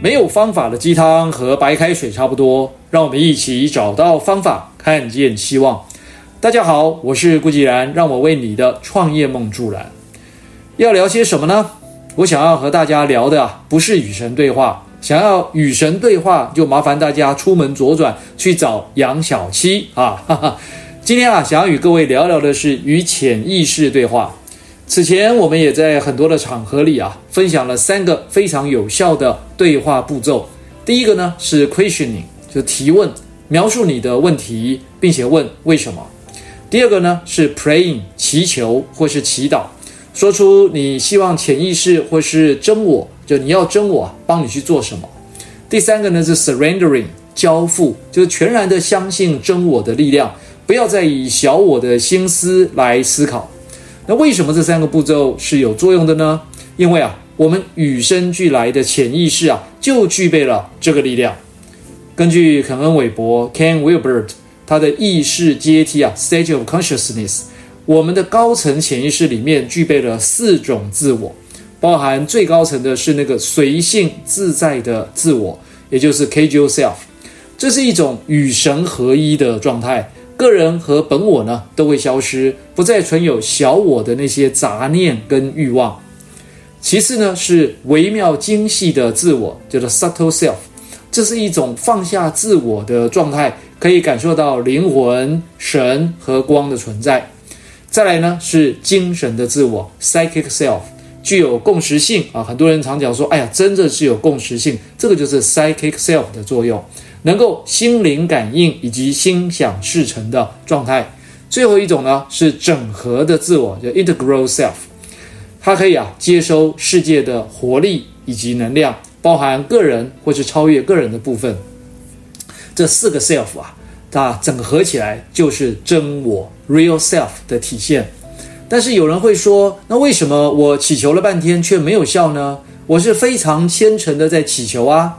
沒有方法的雞湯和白開水差不多，讓我們一起找到方法，看見希望。大家好，我是顧繼然，讓我為你的創業夢助燃。要聊些什麼呢？我想要和大家聊的啊，不是與神對話，想要與神對話，就麻煩大家出門左轉去找楊小七啊。哈哈，今天啊，想要與各位聊聊的是與潛意識對話。此前我們也在很多的場合裡啊，分享了三個非常有效的對話步驟。第一個呢是 questioning，就提問，描述你的問題，並且問為什麼。第二個呢是 praying，祈求或是祈禱，說出你希望潛意識或是真我，就你要真我幫你去做什麼。第三個呢是 surrendering，交付，就是全然的相信真我的力量，不要再以小我的心思來思考。那為什麼這三個步驟是有作用的呢？因為啊，我們與生俱來的潛意識啊，就具備了這個力量。根據肯恩韋伯 （Ken Wilber） 他的意識階梯啊 （Stage of Consciousness），我們的高層潛意識裡面具備了四種自我，包含最高層的是那個隨性自在的自我，也就是 cage yourself，這是一種與神合一的狀態。個人和本我呢都會消失，不再存有小我的那些雜念跟慾望。其次呢是微妙精細的自我，叫做 subtle self，這是一種放下自我的狀態，可以感受到靈魂、神和光的存在。再來呢是精神的自我，psychic self，具有共識性啊。很多人常講說，哎呀，真的是有共識性，這個就是 psychic self 的作用。能夠心靈感應以及心想事成的狀態。最後一種呢，是整合的自我，叫 integral self。它可以啊接收世界的活力以及能量，包含個人或是超越個人的部分。這四個 self 啊，它整合起來就是真我 real self 的體現。但是有人會說，那為什麼我祈求了半天卻沒有效呢？我是非常虔誠的在祈求啊。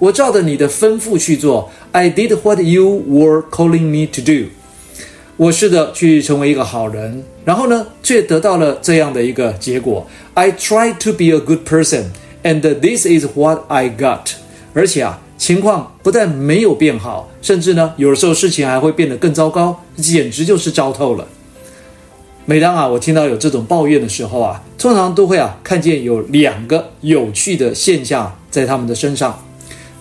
我照着你的吩咐去做，I did what you were calling me to do。我試着去成為一個好人，然後呢，卻得到了這樣的一個結果。I tried to be a good person, and this is what I got。而且啊，情況不但沒有變好，甚至呢，有的時候事情還會變得更糟糕，簡直就是糟透了。每當啊，我聽到有這種抱怨的時候啊，通常都會啊，看見有兩個有趣的現象在他們的身上。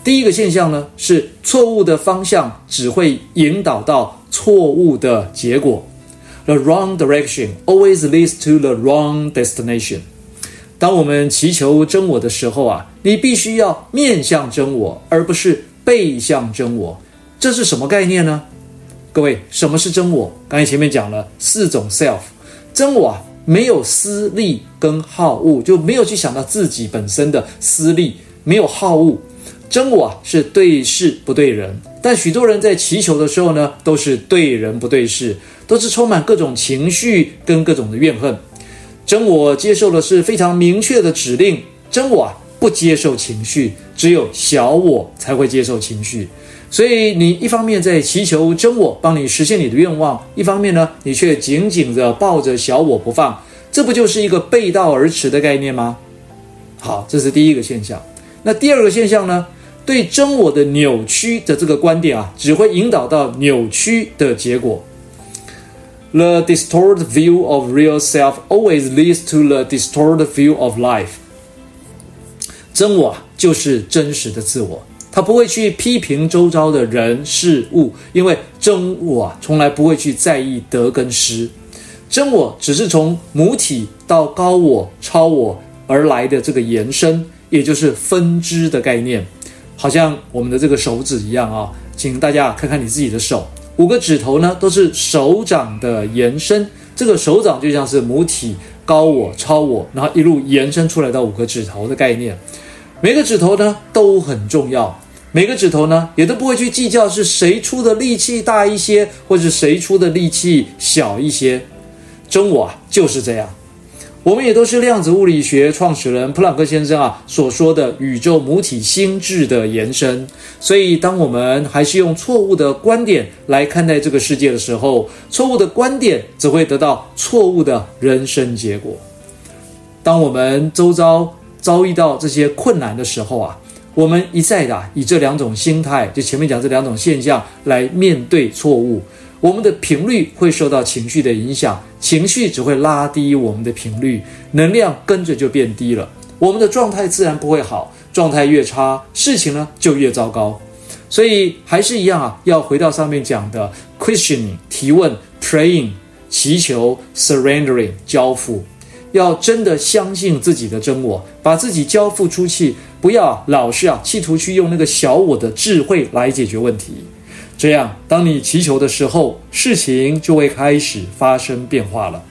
第一個現象呢，是錯誤的方向只會引導到錯誤的結果。The wrong direction always leads to the wrong destination。當我們祈求真我的時候啊，你必須要面向真我，而不是背向真我。這是什麼概念呢？各位，什麼是真我？剛才前面講了四種 self，真我啊，沒有私利跟好惡，就沒有去想到自己本身的私利，沒有好惡。真我是對事不對人，但許多人在祈求的時候呢，都是對人不對事，都是充滿各種情緒跟各種的怨恨。真我接受的是非常明確的指令，真我啊，不接受情緒，只有小我才會接受情緒。所以你一方面在祈求真我幫你實現你的願望，一方面呢你卻緊緊地抱着小我不放，這不就是一個背道而馳的概念嗎？好，這是第一個現象。那第二個現象呢？對真我的扭曲的這個觀點啊，只會引導到扭曲的結果。The distorted view of real self always leads to the distorted view of life。真我就是真實的自我，他不會去批評周遭的人事物，因為真我啊，從來不會去在意得跟失。真我只是從母體到高我、超我而來的這個延伸，也就是分支的概念。好像我們的這個手指一樣啊、哦，請大家看看你自己的手，五個指頭呢都是手掌的延伸，這個手掌就像是母體、高我、超我，然後一路延伸出來的五個指頭的概念，每個指頭呢都很重要，每個指頭呢也都不會去計較是誰出的力氣大一些，或者是誰出的力氣小一些，真我啊，就是這樣。我們也都是量子物理學創始人普朗克先生啊，所說的宇宙母體心智的延伸，所以當我們還是用錯誤的觀點來看待這個世界的時候，錯誤的觀點只會得到錯誤的人生結果。當我們周遭遭遇到這些困難的時候啊，我們一再的以這兩種心態，就前面講這兩種現象來面對錯誤。我們的頻率會受到情緒的影響，情緒只會拉低我們的頻率，能量跟着就變低了。我們的狀態自然不會好，狀態越差，事情呢就越糟糕。所以還是一樣啊，要回到上面講的 questioning 提問，praying 祈求，surrendering 交付，要真的相信自己的真我，把自己交付出去，不要老是啊企圖去用那個小我的智慧來解決問題。這樣，當你祈求的時候，事情就會開始發生變化了。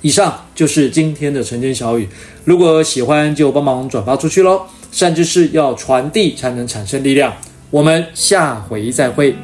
以上就是今天的晨間小語，如果喜歡就幫忙轉發出去嘍！善知識要傳遞才能產生力量。我們下回再會。